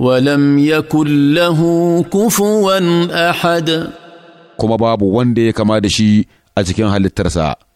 ولم يكن له كفوا أحد كما بابو وندي كما دشي أتكين هل الترسى